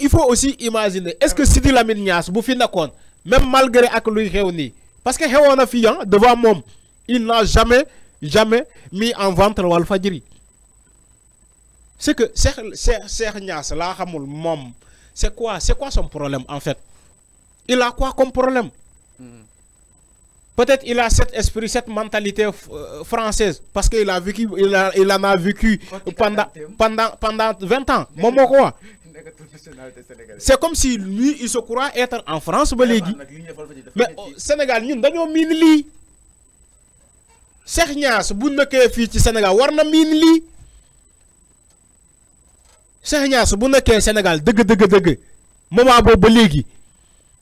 il faut aussi imaginer est-ce que Sidi Lamine Niass bu même malgré ak lui réunit, parce que na ah, devant il n'a jamais jamais mis en vente ventre Walfadjri c'est que Cheikh Cheikh c'est quoi c'est quoi son problème en fait il a quoi comme problème peut-être il a cet esprit cette mentalité euh, française parce qu'il a vécu il en a vécu hein. pendant pendant pendant 20 ans Momo c'est comme si lui il se croit être en France mais oh, Sénégal nous dañoo miin lii Cheikh Niass bu Sénégal warna Sénégal, Cheikh Sénégal deug deug deug moment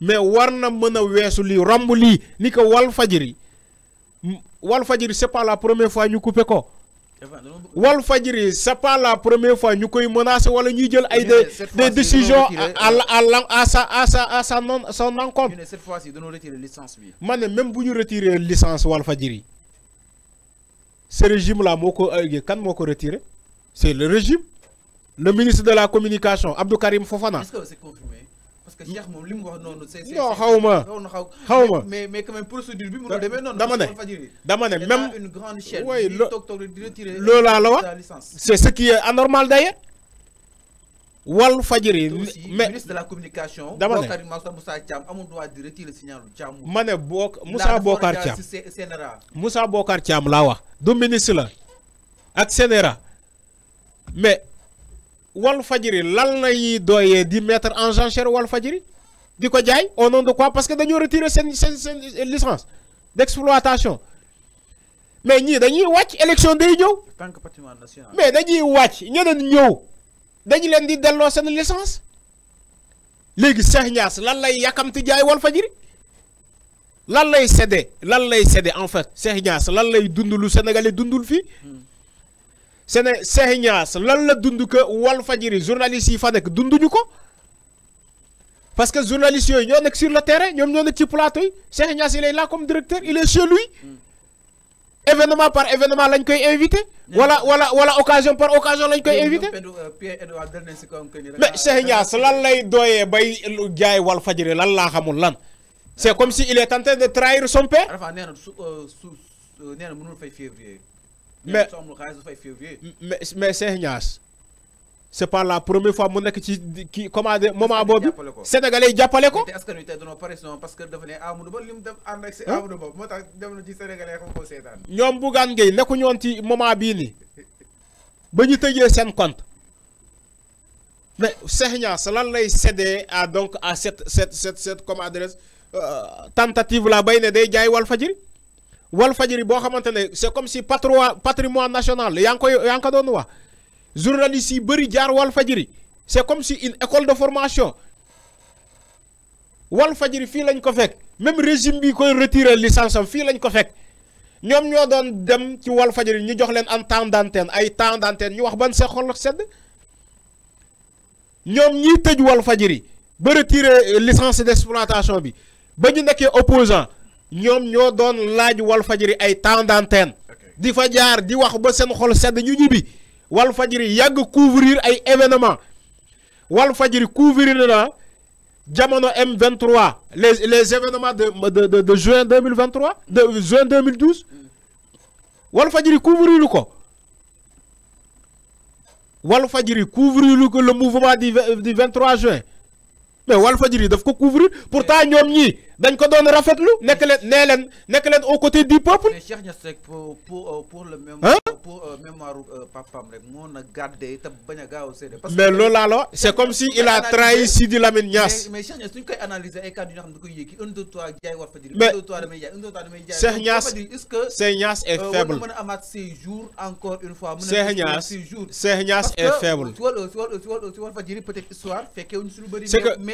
mais warna wessu a ni c'est pas la première fois ñu coupé ko ce c'est pas la première fois ñu koy menacer wala ñuy jël ay des décisions à à à sa à sa à sa non son mais cette fois-ci donnez-nous retirer licence bi. Mané, même buñu retirer licence Walfadiri. ce régime là Moko euh, kan moko retirer retiré c'est le régime le ministre de la communication Abdou Karim Fofana. est-ce que c'est confirmé? parce que Cheikh moom li mu wax noonu. c'est c'est non xaw ma xaw ma mais mais quand même procédure bi mu doon demee noonu. dama ne dama ne même une grande chaîne. oui de retirer la licence, c'est ce qui est anormal d'ailleurs. wal fajiri. mais ministre de la communication. dama ne Moussa a amul droit de retirer le signal Thiam. ma ne boo Moussa Bokar Thiam Moussa Bokar Thiam laa wax. du ministre là, ak CNRA mais. Wal Fadjiri, lan lay doye di mettre en jachère Walf Fadjri di ko jaay au nom de quoi parce que dañoo retirer seen licence d'exploitation mais ni dañuy wàcc élection day ñëw. tant que patrimoine national. mais dañuy wàcc ñeneen ñëw dañu leen di delloo seen licence léegi Cheikh Niass lan lay yàkkamti jaay Wal Fadjiri lan lay séddee lan lay séddee en fait Cheikh Niass lan lay dund lu Sénégalais dundul fii. Hmm c'est Cheikh Niass lan la dund que journaliste yi fait nekk dunduñu parce que journalistes yooyu ñoo sur le terrain ñoom ñoo nekk ci plateau yi Cheikh Niass il est là comme directeur il est chez lui hmm. événement par événement lañ koy invité. wala wala wala occasion par occasion lañ koy invité. Euh, mais Cheikh Niass lan lay il bay jaay Walfadjri lan laa xamul lan. c'est ah. comme si il est tenté de trahir son père. Euh, nee na mënul fay février mais mais mais Cheikh Niass c'est pas la première fois mon nekk ci kii commandé moment boobu. Sénégalais yi ko. est-ce que ñu tey dañoo pare parce que dafa amoudou Amadou lim def ànd ak amoudou hein? Amadou Ba dem na ci Sénégalais xam ko seetaan. ñoom Bougane Gueye nekku ñoon ci moment bi ni bañu ñu sen compte mais Cheikh Niass lan lay cédé à donc à cette cette cette cette comme adresse euh, tentative la bay ne day jaay Walfadjri wal fajiri boo c'est comme si patrimoine national yaa ngi koy yaa ngi ko doon wax journalistes yi jaar wal c'est comme si une école de formation wal fajiri fii lañ ko fek même régime bi koy retirer licence am fii lañ ko Nous, ñom ñoo doon dem ci wal fajiri ñu jox leen en temps d'antenne ay temps d'antenne ñu wax ban se xol sedd ñom ñi tëj wal fajiri ba retirer licence d'exploitation bi ba ñu opposant ñom ñoo doon laaj à ay temps di fa jaar di wax ba seen xol sedd ñu Wal Fadjiri, couvrir ay événements couvrir na jamono M23 les les événements de juin 2023 de juin 2012 Walfadjri couvrir ko Fadjiri, couvrir ko le mouvement du 23 juin mais Walfadjiri daf ko couvrir pourtant ñom ñi dañ ko doon rafetlu nek leen nee leen nekk leen au côté du peuple. mais Cheikh Niass pour pour euh, pour le même. Hein? Euh, pour euh, mémoire papam rek mo na gàddee té baña gaaw cédé parce que mais loolu laa la comme si il a trahi Sidi Lamine Niass. mais Cheikh Niass suñ koy analyser ay cas du nga xam da koy yéki un deux trois jay Walfadjiri mais un deux trois damay jay un deux trois damay jay Cheikh Niass est-ce que Cheikh Niass est faible. war na amat ces jours encore une fois. mën na amaat six jours Cheikh Niass est faible. parce que si wàllu si wàllu si peut être histoire fekké wuñ sulu lu mais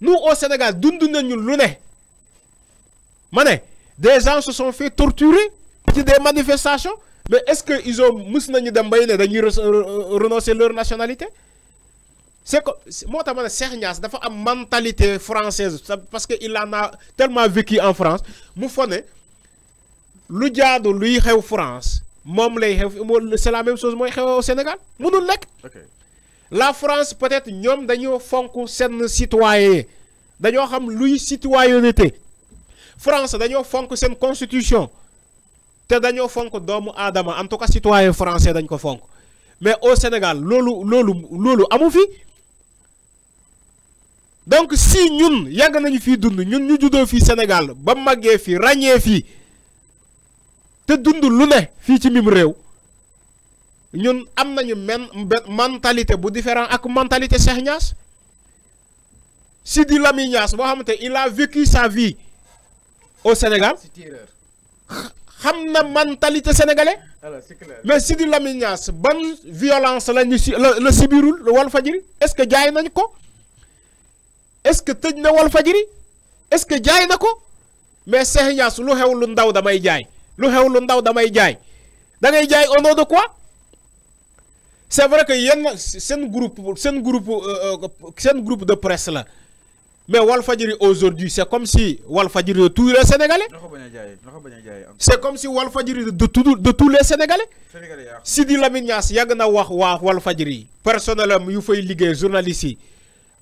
nous au Sénégal nous sommes lu les gens. des gens se sont fait torturer ci des manifestations mais est-ce qu'ils ont mus nañu dem dañuy leur nationalité c'est que ça. Moi, Cheikh mentalité française parce que il en a tellement vécu en France mu fa le lu jaadu luy xew France c'est la même chose mooy xew au Sénégal mënul nekk la France peut-être ñoom dañoo fonk citoyens. citoyen avons xam citoyenneté France a fonk constitution te dañoo fonk doomu en tout cas citoyen français mais au Sénégal nous sommes donc si nous, nous sommes dund ñun ñu fi Sénégal nous sommes fi ragné fi te dund lu ci ñun am nañu men mentalité bu différent ak mentalité Cheikh Niass Sidi Lamine Niass bo xamanté il a vécu sa vie au Sénégal xam na mentalité sénégalais mais Sidi Lamine Niass ban violence la ñu le la la sibirul est-ce que jaay nañ ko est-ce que tej na Walfadjri est-ce que jaay na ko mais Cheikh Niass lu xew lu ndaw damay jaay lu xew lu ndaw damay jaay da ngay jaay au nom de quoi. C'est vrai que c'est un groupe groupe euh, euh, groupe de presse là. mais Walfadiri aujourd'hui c'est comme si Walfadiri de tous les sénégalais. C'est comme si Walfadiri de tous les sénégalais. Sidi Lamine Niass yàgg wax Personnellement, Walfadjri faut am journaliste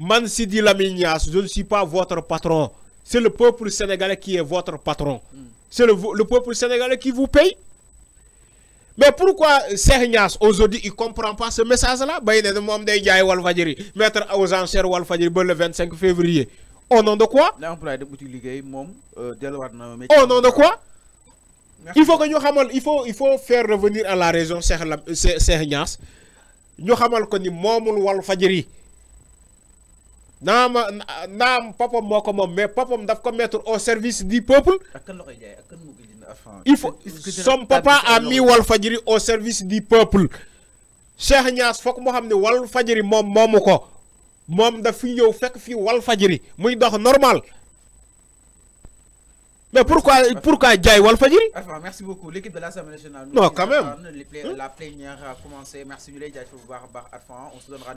man Sidi Lamine je ne suis pas votre patron C'est le peuple sénégalais qui est votre patron. Hmm. C'est le le peuple sénégalais qui vous paye mais pourquoi Cheikh Niass aujourd'hui il comprend pas ce message là bay ne moom day jaay Walfadjri mettre aux enchères Walfadjri ba le 25 février au nom de quoi. L'emploi de boutique liggéey moom euh, delluwaat na au nom de quoi. il faut que ñu xamal il faut il faut faire revenir à la raison Cheikh Nous Cheikh Niass ñu xamal ko ni naam papa mais papam daf mettre au service du peuple. il faut son papa a mis au service du peuple. Cheikh Niass me ne Fadjiri mom ko fi muy dox normal. Mais pourquoi, pourquoi Wal Walfadjiri Merci beaucoup. L'équipe de l'Assemblée nationale. Non, quand même. Hmm? La plénière a commencé. Merci, On se donnera.